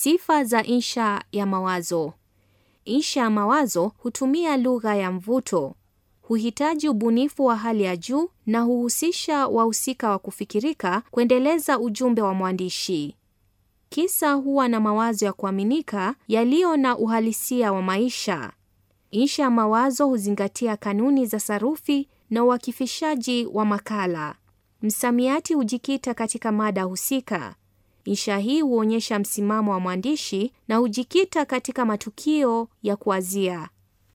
Sifa za insha ya mawazo. Insha ya mawazo hutumia lugha ya mvuto, huhitaji ubunifu wa hali ya juu na huhusisha wahusika wa kufikirika kuendeleza ujumbe wa mwandishi. Kisa huwa na mawazo ya kuaminika yaliyo na uhalisia wa maisha. Insha ya mawazo huzingatia kanuni za sarufi na uwakifishaji wa makala. Msamiati hujikita katika mada husika. Insha hii huonyesha msimamo wa mwandishi na hujikita katika matukio ya kuazia.